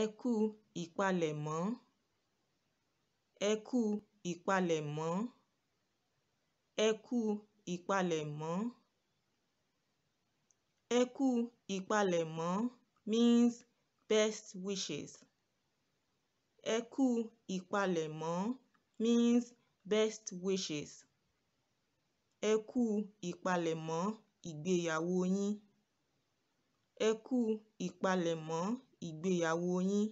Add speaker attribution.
Speaker 1: "Ẹ kú ìpalẹ̀mọ́. Ẹ kú ìpalẹ̀mọ́. Ẹ kú ìpalẹ̀mọ́." "Ẹ kú ìpalẹ̀mọ́" means best wishes. "Ẹ kú ìpalẹ̀mọ́" means best wishes. "Ẹ kú ìpalẹ̀mọ́ ìgbéyàwó yín." "Ẹ kú ìpalẹ̀mọ́
Speaker 2: ìgbéyàwó yín